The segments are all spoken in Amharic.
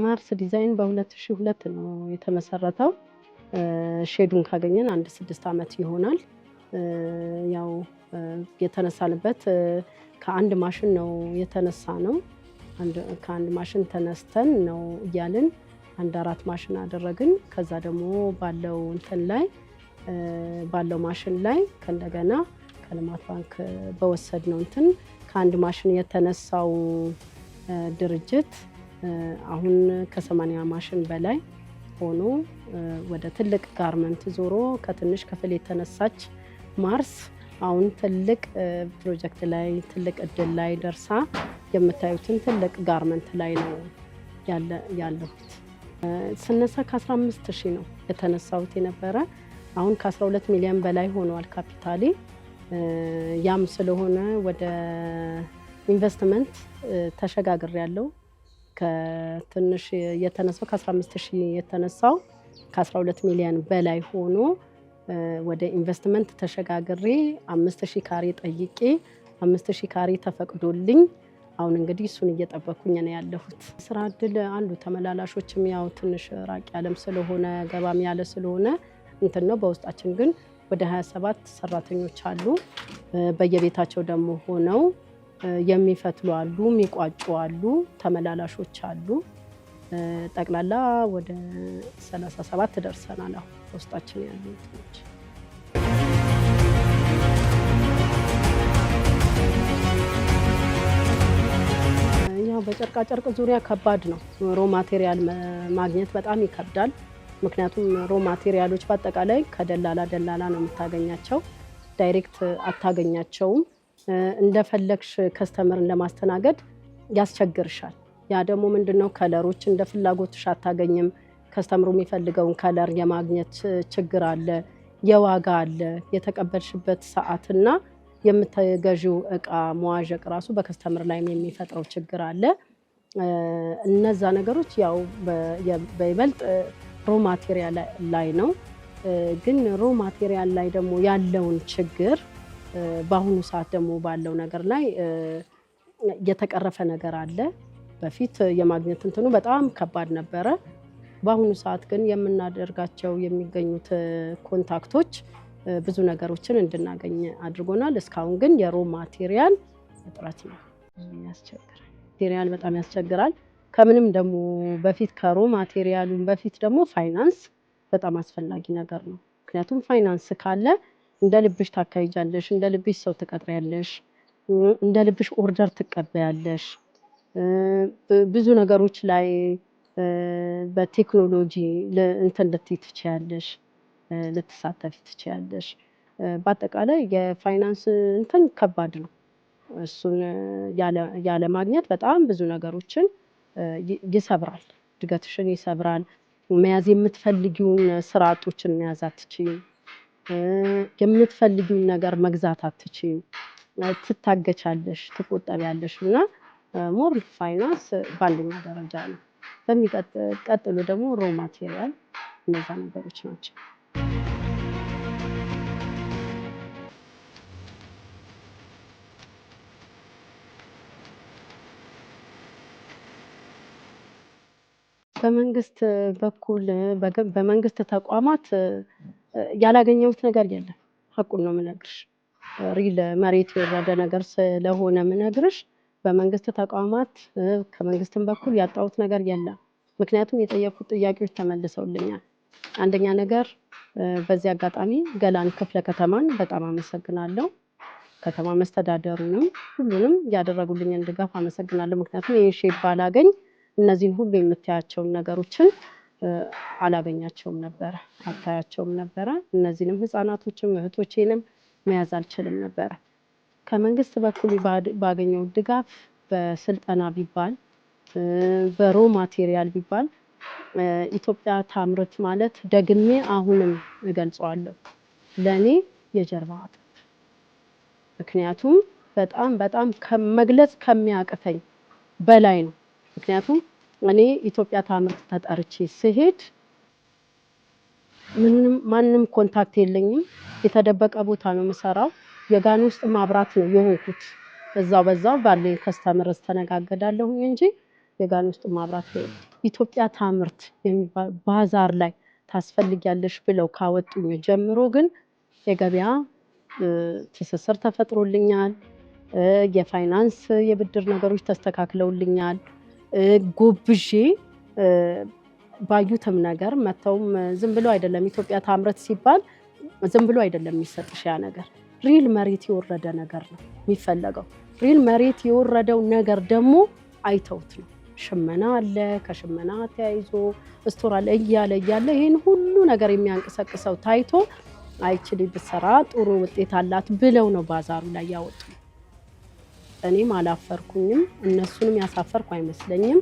ማርስ ዲዛይን በ2002 ነው የተመሰረተው። ሼዱን ካገኘን አንድ ስድስት ዓመት ይሆናል። ያው የተነሳንበት ከአንድ ማሽን ነው የተነሳ ነው። ከአንድ ማሽን ተነስተን ነው እያልን አንድ አራት ማሽን አደረግን። ከዛ ደግሞ ባለው እንትን ላይ ባለው ማሽን ላይ ከእንደገና ከልማት ባንክ በወሰድ ነው እንትን ከአንድ ማሽን የተነሳው ድርጅት አሁን ከሰማንያ ማሽን በላይ ሆኖ ወደ ትልቅ ጋርመንት ዞሮ ከትንሽ ክፍል የተነሳች ማርስ አሁን ትልቅ ፕሮጀክት ላይ ትልቅ እድል ላይ ደርሳ የምታዩትን ትልቅ ጋርመንት ላይ ነው ያለሁት። ስነሳ ከ15 ሺህ ነው የተነሳሁት የነበረ። አሁን ከ12 ሚሊዮን በላይ ሆኗል ካፒታሌ። ያም ስለሆነ ወደ ኢንቨስትመንት ተሸጋግር ያለው ከትንሽ የተነሳው ከ15 ሺ የተነሳው ከ12 ሚሊዮን በላይ ሆኖ ወደ ኢንቨስትመንት ተሸጋግሬ አምስት ሺህ ካሬ ጠይቄ አምስት ሺህ ካሬ ተፈቅዶልኝ አሁን እንግዲህ እሱን እየጠበኩኝ ነው ያለሁት። ስራ እድል አሉ ተመላላሾችም ያው ትንሽ ራቅ ያለም ስለሆነ ገባም ያለ ስለሆነ እንትን ነው። በውስጣችን ግን ወደ 27 ሰራተኞች አሉ። በየቤታቸው ደግሞ ሆነው የሚፈትሉ አሉ፣ የሚቋጩ አሉ፣ ተመላላሾች አሉ። ጠቅላላ ወደ 37 ደርሰናል አሁን በውስጣችን ያሉ ያው በጨርቃ ጨርቅ ዙሪያ ከባድ ነው። ሮ ማቴሪያል ማግኘት በጣም ይከብዳል። ምክንያቱም ሮ ማቴሪያሎች በአጠቃላይ ከደላላ ደላላ ነው የምታገኛቸው፣ ዳይሬክት አታገኛቸውም። እንደፈለግሽ ከስተመርን ለማስተናገድ ያስቸግርሻል። ያ ደግሞ ምንድነው ከለሮች እንደ ፍላጎትሽ አታገኝም። ከስተምሩ የሚፈልገውን ከለር የማግኘት ችግር አለ፣ የዋጋ አለ፣ የተቀበልሽበት ሰዓትና የምትገዢው እቃ መዋዠቅ ራሱ በከስተምር ላይም የሚፈጥረው ችግር አለ። እነዛ ነገሮች ያው በይበልጥ ሮ ማቴሪያል ላይ ነው። ግን ሮ ማቴሪያል ላይ ደግሞ ያለውን ችግር በአሁኑ ሰዓት ደግሞ ባለው ነገር ላይ የተቀረፈ ነገር አለ። በፊት የማግኘት እንትኑ በጣም ከባድ ነበረ። በአሁኑ ሰዓት ግን የምናደርጋቸው የሚገኙት ኮንታክቶች ብዙ ነገሮችን እንድናገኝ አድርጎናል። እስካሁን ግን የሮ ማቴሪያል እጥረት ነው ያስቸግራል። ማቴሪያል በጣም ያስቸግራል። ከምንም ደግሞ በፊት ከሮ ማቴሪያሉን በፊት ደግሞ ፋይናንስ በጣም አስፈላጊ ነገር ነው። ምክንያቱም ፋይናንስ ካለ እንደ ልብሽ ታካሂጃለሽ፣ እንደ ልብሽ ሰው ትቀጥሪያለሽ፣ እንደ ልብሽ ኦርደር ትቀበያለሽ። ብዙ ነገሮች ላይ በቴክኖሎጂ እንትን ልትይ ትችያለሽ። ልትሳተፊ ትችያለሽ። በአጠቃላይ የፋይናንስ እንትን ከባድ ነው። እሱን ያለማግኘት በጣም ብዙ ነገሮችን ይሰብራል፣ እድገትሽን ይሰብራል። መያዝ የምትፈልጊውን ስራ አጦችን መያዝ አትችይም። የምትፈልጊውን ነገር መግዛት አትችይም። ትታገቻለሽ፣ ትቆጠቢያለሽ እና ሞር ፋይናንስ በአንደኛ ደረጃ ነው። በሚቀጥሎ ደግሞ ሮ ማቴሪያል እነዛ ነገሮች ናቸው። በመንግስት በኩል በመንግስት ተቋማት ያላገኘሁት ነገር የለም። ሀቁን ነው የምነግርሽ። ሪል መሬት የወረደ ነገር ስለሆነ የምነግርሽ በመንግስት ተቋማት ከመንግስትም በኩል ያጣሁት ነገር የለም። ምክንያቱም የጠየኩት ጥያቄዎች ተመልሰውልኛል። አንደኛ ነገር በዚህ አጋጣሚ ገላን ክፍለ ከተማን በጣም አመሰግናለሁ። ከተማ መስተዳደሩንም ሁሉንም ያደረጉልኝን ድጋፍ አመሰግናለሁ። ምክንያቱም ይህ ሼፕ ባላገኝ እነዚህን ሁሉ የምታያቸውን ነገሮችን አላገኛቸውም ነበረ፣ አታያቸውም ነበረ። እነዚህንም ህፃናቶችም እህቶቼንም መያዝ አልችልም ነበረ። ከመንግስት በኩል ባገኘው ድጋፍ በስልጠና ቢባል በሮ ማቴሪያል ቢባል ኢትዮጵያ ታምርት ማለት ደግሜ አሁንም እገልጸዋለሁ ለእኔ የጀርባ አጥንት። ምክንያቱም በጣም በጣም መግለጽ ከሚያቅተኝ በላይ ነው። ምክንያቱም እኔ ኢትዮጵያ ታምርት ተጠርቼ ስሄድ ምንም ማንም ኮንታክት የለኝም። የተደበቀ ቦታ ነው የምሰራው። የጋን ውስጥ ማብራት ነው የሆንኩት። እዛው በዛው ባለኝ ከስተምር ተነጋገዳለሁኝ እንጂ የጋን ውስጥ ማብራት ነው። ኢትዮጵያ ታምርት የሚባል ባዛር ላይ ታስፈልጊያለሽ ብለው ካወጡኝ ጀምሮ ግን የገበያ ትስስር ተፈጥሮልኛል። የፋይናንስ የብድር ነገሮች ተስተካክለውልኛል። ጎብዤ ባዩትም ነገር መተውም ዝም ብሎ አይደለም። ኢትዮጵያ ታምረት ሲባል ዝም ብሎ አይደለም የሚሰጥሽ ያ ነገር፣ ሪል መሬት የወረደ ነገር ነው የሚፈለገው። ሪል መሬት የወረደው ነገር ደግሞ አይተውት ነው ሽመና አለ፣ ከሽመና ተያይዞ ስቶር አለ እያለ እያለ ይህን ሁሉ ነገር የሚያንቀሳቅሰው ታይቶ አይችል ብሰራ ጥሩ ውጤት አላት ብለው ነው ባዛሩ ላይ ያወጡ። እኔም አላፈርኩኝም፣ እነሱንም ያሳፈርኩ አይመስለኝም።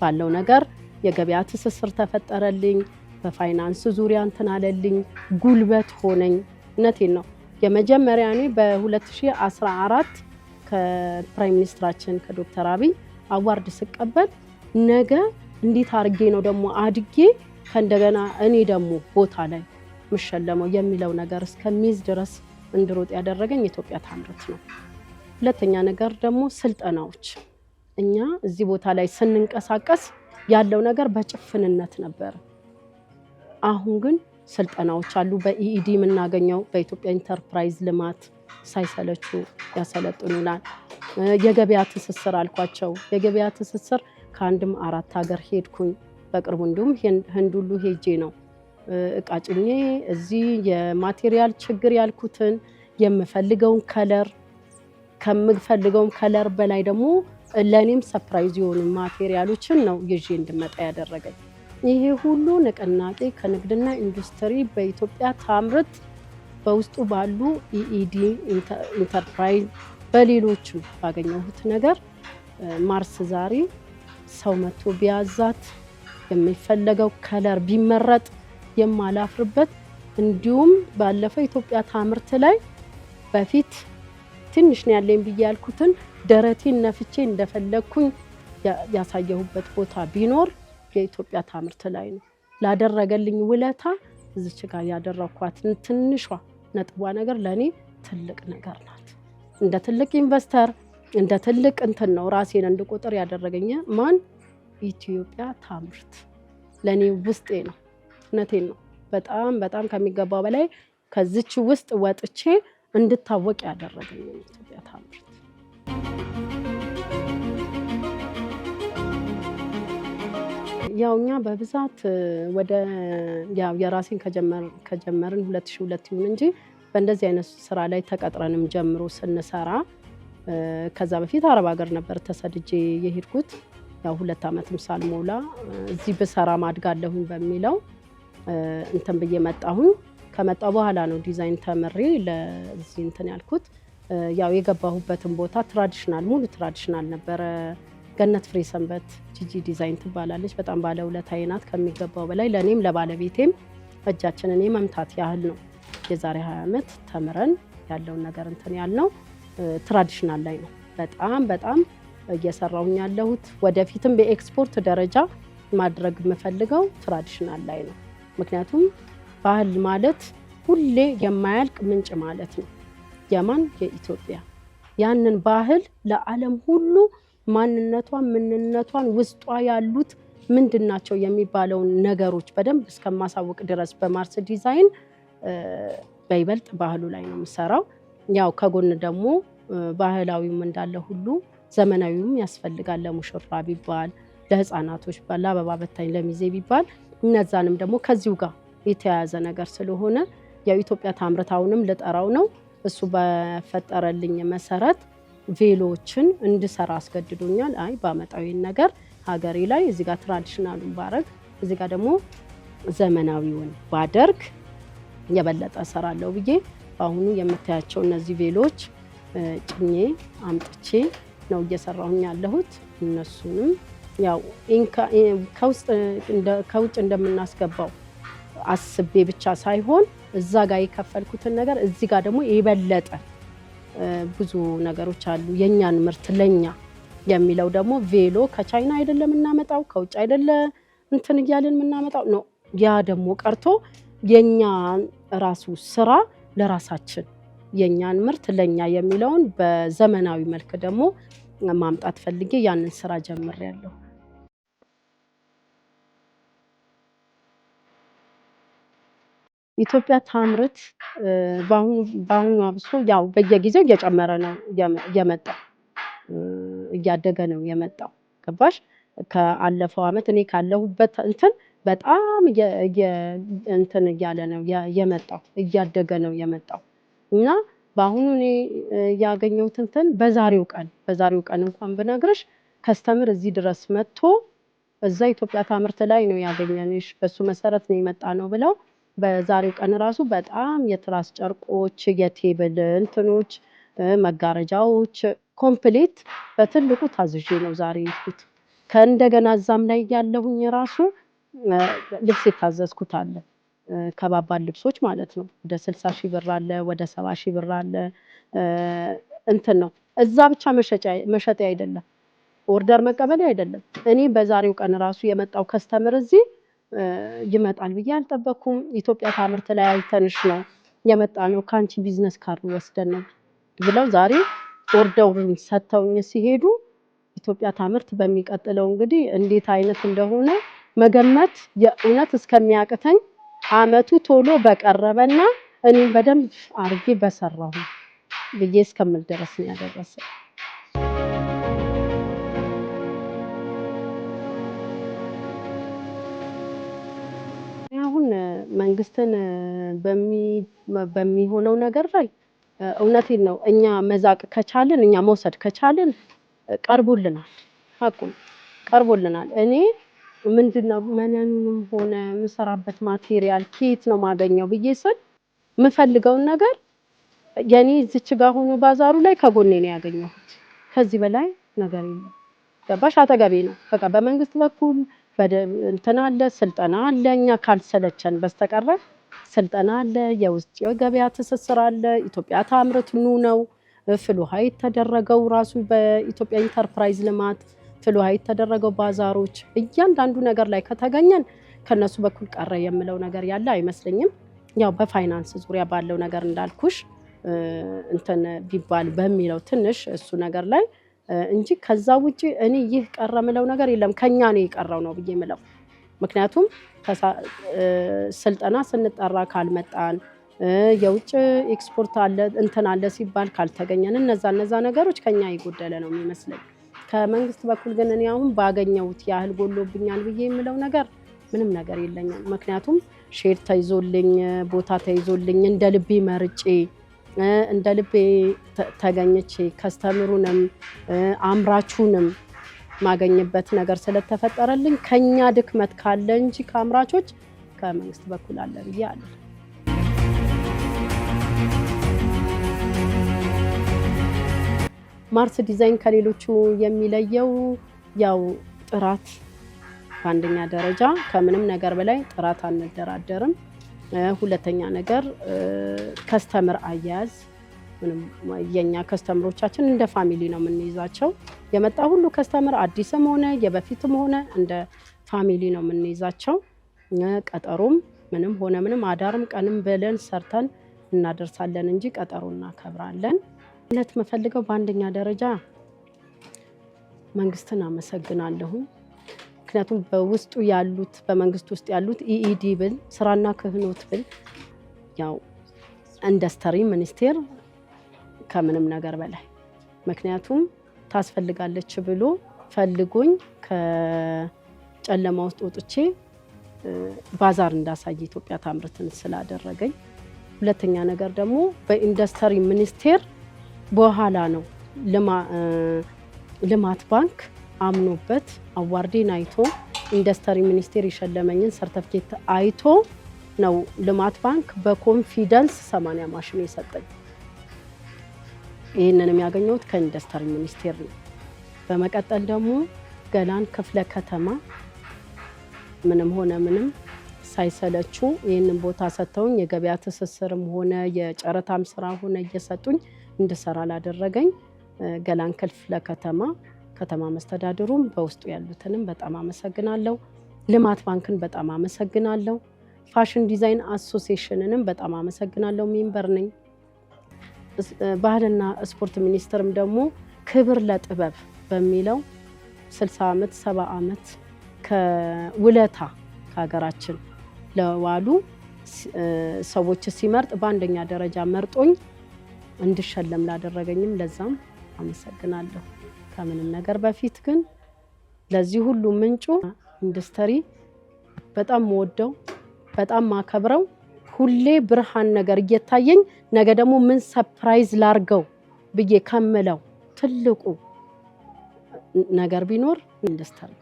ባለው ነገር የገበያ ትስስር ተፈጠረልኝ፣ በፋይናንስ ዙሪያ እንትን አለልኝ፣ ጉልበት ሆነኝ። እውነቴን ነው። የመጀመሪያ እኔ በ2014 ከፕራይም ሚኒስትራችን ከዶክተር አብይ አዋርድ ስቀበል ነገ እንዴት አድርጌ ነው ደግሞ አድጌ ከእንደገና እኔ ደግሞ ቦታ ላይ የምሸለመው የሚለው ነገር እስከሚይዝ ድረስ እንድሮጥ ያደረገኝ የኢትዮጵያ ታምርት ነው። ሁለተኛ ነገር ደግሞ ስልጠናዎች፣ እኛ እዚህ ቦታ ላይ ስንንቀሳቀስ ያለው ነገር በጭፍንነት ነበር። አሁን ግን ስልጠናዎች አሉ። በኢኢዲ የምናገኘው በኢትዮጵያ ኢንተርፕራይዝ ልማት ሳይሰለቹ ያሰለጥኑናል። የገበያ ትስስር አልኳቸው። የገበያ ትስስር ከአንድም አራት ሀገር ሄድኩኝ በቅርቡ እንዲሁም ህንድ ሁሉ ሄጄ ነው እቃ ጭኜ እዚህ የማቴሪያል ችግር ያልኩትን የምፈልገውን ከለር ከምፈልገውን ከለር በላይ ደግሞ ለእኔም ሰፕራይዝ የሆኑ ማቴሪያሎችን ነው ይዤ እንድመጣ ያደረገኝ። ይሄ ሁሉ ንቅናቄ ከንግድና ኢንዱስትሪ በኢትዮጵያ ታምርት በውስጡ ባሉ ኢኢዲ ኢንተርፕራይዝ፣ በሌሎች ባገኘሁት ነገር ማርስ ዛሬ ሰው መቶ ቢያዛት የሚፈለገው ከለር ቢመረጥ የማላፍርበት እንዲሁም ባለፈው ኢትዮጵያ ታምርት ላይ በፊት ትንሽ ነው ያለኝ ብዬ ያልኩትን ደረቴን ነፍቼ እንደፈለግኩኝ ያሳየሁበት ቦታ ቢኖር የኢትዮጵያ ታምርት ላይ ነው። ላደረገልኝ ውለታ እዚች ጋር ያደረኳትን ትንሿ ነጥቧ ነገር ለእኔ ትልቅ ነገር ናት። እንደ ትልቅ ኢንቨስተር እንደ ትልቅ እንትን ነው ራሴን እንድቆጥር ያደረገኝ ማን ኢትዮጵያ ታምርት ለእኔ ውስጤ ነው። እውነቴን ነው። በጣም በጣም ከሚገባው በላይ ከዚች ውስጥ ወጥቼ እንድታወቅ ያደረገኝ ኢትዮጵያ ታምርት ያው እኛ በብዛት ወደ ያው የራሴን ከጀመርን 2002 ይሁን እንጂ በእንደዚህ አይነት ስራ ላይ ተቀጥረንም ጀምሮ ስንሰራ ከዛ በፊት አረብ ሀገር ነበር ተሰድጄ የሄድኩት። ያው ሁለት ዓመትም ሳልሞላ እዚህ ብሰራ ማድጋለሁኝ በሚለው እንትን ብዬ መጣሁኝ። ከመጣ በኋላ ነው ዲዛይን ተምሬ ለዚህ እንትን ያልኩት። ያው የገባሁበትን ቦታ ትራዲሽናል ሙሉ ትራዲሽናል ነበረ ገነት ፍሬ ሰንበት ጂጂ ዲዛይን ትባላለች። በጣም ባለውለታ ናት። ከሚገባው በላይ ለእኔም ለባለቤቴም እጃችንን መምታት ያህል ነው። የዛሬ 20 ዓመት ተምረን ያለውን ነገር እንትን ያልነው ትራዲሽናል ላይ ነው። በጣም በጣም እየሰራሁኝ ያለሁት ወደፊትም በኤክስፖርት ደረጃ ማድረግ የምፈልገው ትራዲሽናል ላይ ነው። ምክንያቱም ባህል ማለት ሁሌ የማያልቅ ምንጭ ማለት ነው። የማን የኢትዮጵያ ያንን ባህል ለዓለም ሁሉ ማንነቷን፣ ምንነቷን ውስጧ ያሉት ምንድን ናቸው የሚባለውን ነገሮች በደንብ እስከማሳውቅ ድረስ በማርስ ዲዛይን በይበልጥ ባህሉ ላይ ነው የምሰራው። ያው ከጎን ደግሞ ባህላዊውም እንዳለ ሁሉ ዘመናዊውም ያስፈልጋል። ለሙሽራ ቢባል፣ ለህፃናቶች ለአበባ በታኝ፣ ለሚዜ ቢባል እነዛንም ደግሞ ከዚሁ ጋር የተያያዘ ነገር ስለሆነ የኢትዮጵያ ታምርታውንም ልጠራው ነው እሱ በፈጠረልኝ መሰረት ቬሎችን እንድሰራ አስገድዶኛል። አይ በአመጣዊን ነገር ሀገሬ ላይ እዚህ ጋር ትራዲሽናሉን ባረግ እዚህ ጋር ደግሞ ዘመናዊውን ባደርግ የበለጠ እሰራለሁ ብዬ በአሁኑ የምታያቸው እነዚህ ቬሎች ጭኜ አምጥቼ ነው እየሰራሁኝ ያለሁት። እነሱንም ያው ከውጭ እንደምናስገባው አስቤ ብቻ ሳይሆን እዛ ጋር የከፈልኩትን ነገር እዚህ ጋር ደግሞ የበለጠ ብዙ ነገሮች አሉ። የእኛን ምርት ለእኛ የሚለው ደግሞ ቬሎ ከቻይና አይደለም የምናመጣው፣ ከውጭ አይደለ እንትን እያልን የምናመጣው ነው። ያ ደግሞ ቀርቶ የእኛ ራሱ ስራ ለራሳችን የእኛን ምርት ለእኛ የሚለውን በዘመናዊ መልክ ደግሞ ማምጣት ፈልጌ ያንን ስራ ጀምሬያለሁ። ኢትዮጵያ ታምርት በአሁኑ አብሶ ያው በየጊዜው እየጨመረ ነው እየመጣ እያደገ ነው የመጣው። ገባሽ? ከአለፈው አመት እኔ ካለሁበት እንትን በጣም እንትን እያለ ነው የመጣው እያደገ ነው የመጣው እና በአሁኑ እኔ ያገኘሁት እንትን በዛሬው ቀን በዛሬው ቀን እንኳን ብነግርሽ ከስተምር እዚህ ድረስ መጥቶ እዛ ኢትዮጵያ ታምርት ላይ ነው ያገኘንሽ በሱ መሰረት ነው የመጣ ነው ብለው በዛሬው ቀን ራሱ በጣም የትራስ ጨርቆች፣ የቴብል እንትኖች፣ መጋረጃዎች ኮምፕሌት በትልቁ ታዝዤ ነው ዛሬ ይሁት ከእንደገና እዛም ላይ ያለሁኝ ራሱ ልብስ የታዘዝኩት አለ ከባባድ ልብሶች ማለት ነው። ወደ ስልሳ ሺህ ብር አለ፣ ወደ ሰባ ሺህ ብር አለ። እንትን ነው እዛ ብቻ መሸጤ አይደለም፣ ኦርደር መቀበል አይደለም። እኔ በዛሬው ቀን ራሱ የመጣው ከስተምር እዚህ ይመጣል ብዬ አልጠበኩም። ኢትዮጵያ ታምር ተለያይተንሽ ነው የመጣ ነው ከአንቺ ቢዝነስ ካርድ ወስደን ነው ብለው ዛሬ ኦርደሩን ሰጥተውኝ ሲሄዱ ኢትዮጵያ ታምርት በሚቀጥለው እንግዲህ እንዴት አይነት እንደሆነ መገመት የእውነት እስከሚያቅተኝ አመቱ ቶሎ በቀረበና እኔም በደንብ አርጌ በሰራሁ ብዬ እስከምል ድረስ ነው ያደረሰ መንግስትን በሚሆነው ነገር ላይ እውነቴን ነው። እኛ መዛቅ ከቻልን እኛ መውሰድ ከቻልን ቀርቦልናል፣ ሀቁም ቀርቦልናል። እኔ ምንድነው መነኑንም ሆነ የምሰራበት ማቴሪያል ከየት ነው ማገኘው ብዬ ስል የምፈልገውን ነገር የኔ ዝች ጋር ሆኖ ባዛሩ ላይ ከጎኔ ነው ያገኘሁት። ከዚህ በላይ ነገር የለም። ገባሽ? አጠገቤ ነው በቃ በመንግስት በኩል እንትን አለ፣ ስልጠና አለ። እኛ ካልሰለቸን በስተቀረ ስልጠና አለ፣ የውስጥ የገበያ ትስስር አለ። ኢትዮጵያ ታምርት ኑ ነው ፍልውሃ የተደረገው ራሱ በኢትዮጵያ ኢንተርፕራይዝ ልማት ፍልውሃ የተደረገው ባዛሮች፣ እያንዳንዱ ነገር ላይ ከተገኘን ከነሱ በኩል ቀረ የምለው ነገር ያለ አይመስለኝም። ያው በፋይናንስ ዙሪያ ባለው ነገር እንዳልኩሽ እንትን ቢባል በሚለው ትንሽ እሱ ነገር ላይ እንጂ ከዛ ውጭ እኔ ይህ ቀረ ምለው ነገር የለም። ከኛ ነው የቀረው ነው ብዬ ምለው። ምክንያቱም ስልጠና ስንጠራ ካልመጣን የውጭ ኤክስፖርት አለ እንትን አለ ሲባል ካልተገኘን እነዛ እነዛ ነገሮች ከኛ የጎደለ ነው የሚመስለኝ። ከመንግስት በኩል ግን እኔ አሁን ባገኘሁት ያህል ጎሎብኛል ብዬ የምለው ነገር ምንም ነገር የለኝም። ምክንያቱም ሼር ተይዞልኝ ቦታ ተይዞልኝ እንደ ልቤ መርጬ እንደ ልቤ ተገኘች ከስተምሩንም አምራቹንም ማገኝበት ነገር ስለተፈጠረልኝ ከኛ ድክመት ካለ እንጂ ከአምራቾች ከመንግስት በኩል አለ ብዬ አለ ማርስ ዲዛይን ከሌሎቹ የሚለየው ያው ጥራት በአንደኛ ደረጃ ከምንም ነገር በላይ ጥራት አንደራደርም። ሁለተኛ ነገር ከስተምር አያያዝ የኛ ከስተምሮቻችን እንደ ፋሚሊ ነው የምንይዛቸው። የመጣ ሁሉ ከስተምር አዲስም ሆነ የበፊትም ሆነ እንደ ፋሚሊ ነው የምንይዛቸው። ቀጠሮም ምንም ሆነ ምንም አዳርም ቀንም ብለን ሰርተን እናደርሳለን እንጂ ቀጠሮ እናከብራለን። እለት መፈልገው በአንደኛ ደረጃ መንግስትን አመሰግናለሁ። ምክንያቱም በውስጡ ያሉት በመንግስት ውስጥ ያሉት ኢኢዲ e e ብል ስራና ክህኖት ብል ያው ኢንዱስትሪ ሚኒስቴር ከምንም ነገር በላይ ምክንያቱም ታስፈልጋለች ብሎ ፈልጎኝ ከጨለማ ውስጥ ወጥቼ ባዛር እንዳሳይ ኢትዮጵያ ታምርትን ስላደረገኝ፣ ሁለተኛ ነገር ደግሞ በኢንዱስትሪ ሚኒስቴር በኋላ ነው ልማት ባንክ አምኖበት አዋርዴን አይቶ ኢንዱስትሪ ሚኒስቴር የሸለመኝን ሰርተፍኬት አይቶ ነው ልማት ባንክ በኮንፊደንስ 80 ማሽን የሰጠኝ። ይህንን የሚያገኘሁት ከኢንዱስትሪ ሚኒስቴር ነው። በመቀጠል ደግሞ ገላን ክፍለ ከተማ ምንም ሆነ ምንም ሳይሰለቹ ይህንን ቦታ ሰጥተውኝ የገበያ ትስስርም ሆነ የጨረታም ስራ ሆነ እየሰጡኝ እንድሰራ ላደረገኝ ገላን ክፍለ ከተማ ከተማ መስተዳድሩም በውስጡ ያሉትንም በጣም አመሰግናለሁ። ልማት ባንክን በጣም አመሰግናለሁ። ፋሽን ዲዛይን አሶሲሽንንም በጣም አመሰግናለሁ። ሜምበር ነኝ። ባህልና ስፖርት ሚኒስቴርም ደግሞ ክብር ለጥበብ በሚለው 60 ዓመት 70 ዓመት ከውለታ ከሀገራችን ለዋሉ ሰዎች ሲመርጥ በአንደኛ ደረጃ መርጦኝ እንድሸለም ላደረገኝም ለዛም አመሰግናለሁ። ከምንም ነገር በፊት ግን ለዚህ ሁሉ ምንጩ ኢንዱስትሪ በጣም ወደው በጣም ማከብረው ሁሌ ብርሃን ነገር እየታየኝ ነገ ደግሞ ምን ሰፕራይዝ ላርገው ብዬ ከምለው ትልቁ ነገር ቢኖር ኢንዱስትሪ